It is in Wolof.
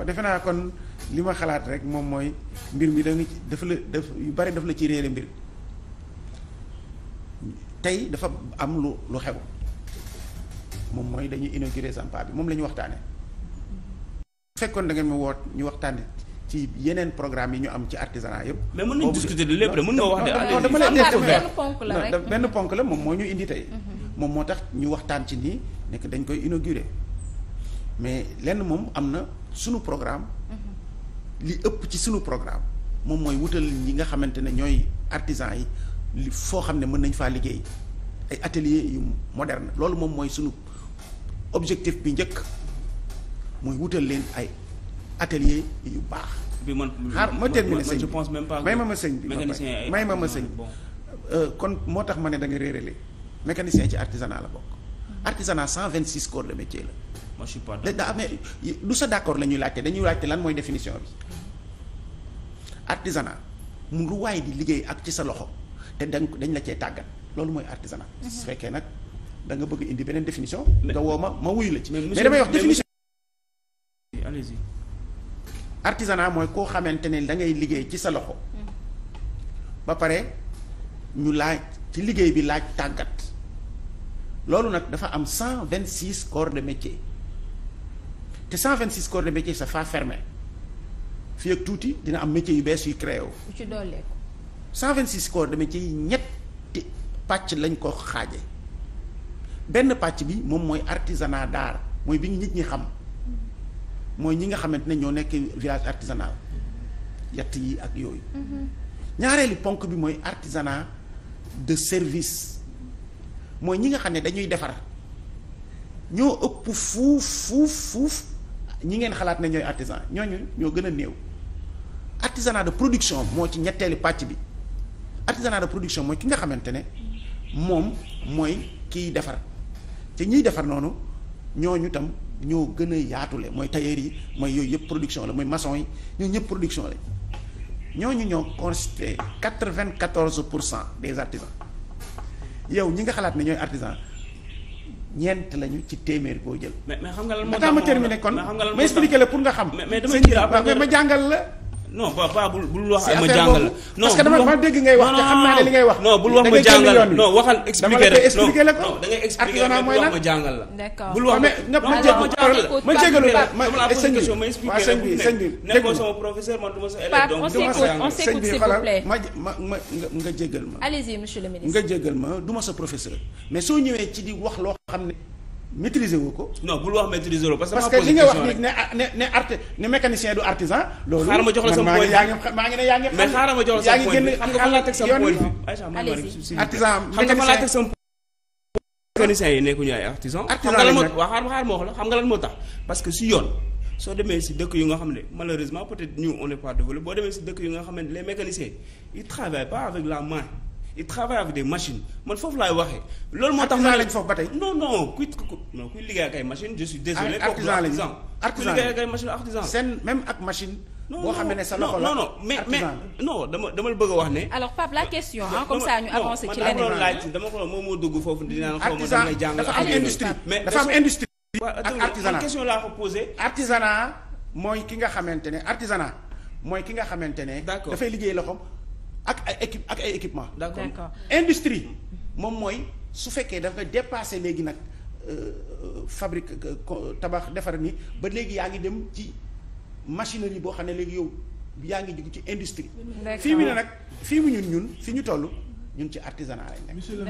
waaw defe naa kon li ma xalaat rek moom mooy mbir mi da nga ci daf la daf yu bari daf la ci réere mbir tey dafa am lu lu xew moom mooy dañuy inauguré Zampa bi moom la ñu waxtaane fekkoon da ngeen ma woot ñu waxtaane ci yeneen programme yi ñu am ci artisanat yëpp. mais mën nañu discuter de lépp de mën nga wax de. dama lay benn ponk la benn ponk la moom moo ñu indi tey. Mm-hmm. moom moo tax ñu waxtaan ci nii nekk dañ koy inauguré mais lenn moom am na. sunu programme. li ëpp ci sunu programme moom mooy wutal ñi nga xamante ne ñooy artisans yi li foo xam ne mën nañ faa liggéey ay atelier yu moderne loolu moom mooy sunu objectif bi njëkk mooy wutal leen ay atelier yu baax. bi man xaar ma terminer sëñ bi je may ma ma sëñ bi may ma ma sëñ euh, kon moo tax ma ne da nga réerale mécanicien ci artisanat la bokk. Mm-hmm. artisanat 126 corps de métier la. moi je suis pas du sa d'accord la ñuy laajte dañuy laajte lan mooy définition bi artisanat mu lu waaye di liggéey ak ci sa loxo te dañ dañ la cee tàggat loolu mooy artisanat mm-hmm. su fekkee nag da bëgg indi beneen définition nga woo ma ma la ci mais damay wax koo xamante ne da liggéey ci sa loxo mm-hmm. ba pare ñu laaj ci liggéey bi laaj tàggat loolu nag dafa am cent vingt six corps de métier te 126 corps de métier ça fa fermé fii ak tuuti dina am métier yu bees yu créé wu. ci dooleeku. 126 corps de métier yi ñetti pàcc lañ ko xaaje benn pàcc bi moom mooy artisanat d'art mooy bi nit ñi xam mooy ñi nga xamante ne ñoo nekk village artisana yatt yi ak yooyu. Mhm. ñaareelu ponk bi mooy artisanat de service mooy ñi nga xam ne dañuy defar ñoo ëpp fuuf fuuf fuuf. ñi ngeen xalaat na ñooy artisan ñooñu ñoo gën a néew artisanat de production moo ci ñetteeli pàcc bi artisanat de production mooy ki nga xamante ne moom mooy kiy defar te ñiy defar noonu ñooñu tam ñoo gën a yaatule mooy tailleur yi mooy yooyu yëpp production la mooy maçon yi ñoo ñëpp production la ñooñu ñoo constitué quatre-vingt-quatorze pour cent des artisans yow ñi nga xalaat ne ñooy artisan ñeent lañu ci téeméer boo jël. mais mais xam ma terminé kon ma expliqué la pour nga xam. mais mais damay après da ngay expliqué rek wax ma jàngal la. d'accord wax ma ma jégalu ma jégalu la ma sëñ sa élève donc ma sa jàngal ma nga jégal ma. nga jégal ma du sa professeur mais soo ñëwee ci di wax loo xam ne maîtriser woo ko. non bul wax maîtriser woo parce que. parce que li nga wax ni ne ne arte ne mécanicien du artisan. loolu xaaral ma jox la sama point yaa ngi maa ne yaa ngi. mais xaaral ma jox point bi xam nga la moo tax parce que si yoon soo demee si dëkk yu nga xam ne malheureusement peut-être ñu on n'est pas développé boo demee si dëkk yu nga xam ne les mécaniciens ils travaillent pas avec la main il travaille avec des machines man foofu laay waxee. loolu moo tax ma lañ foofu ba tey. non non kuy non kuy liggéey ak ay machines je suis désolé. artisan lañ artisan kuy liggéey ak ay machines artisan. seen même ak machine. boo xamee ne sa loxo la non non mais mais non dama dama la bëgg a wax ne. alors Pape la question ah comme ça ñu avancé ci leneen. dama ko doon moom moo dugg foofu dinaa xaw ma damay jàng. dafa am industrie dafa am industrie. ak artisanat question laa ko posé. artisanat mooy ki nga xamante ne artisanat mooy ki nga xamante ak ay équipe ak ay équipement d'accord industrie moom mooy su fekkee dafa dépassé léegi nag euh, fabrique euh, tabax defar ni ba léegi yaa ngi dem ci machinerie boo xam ne léegi yow yaa ngi jóg ci industrie fii mu ne nag fii mu ñun ñun fi ñu toll ñun ci artisana lañ nekk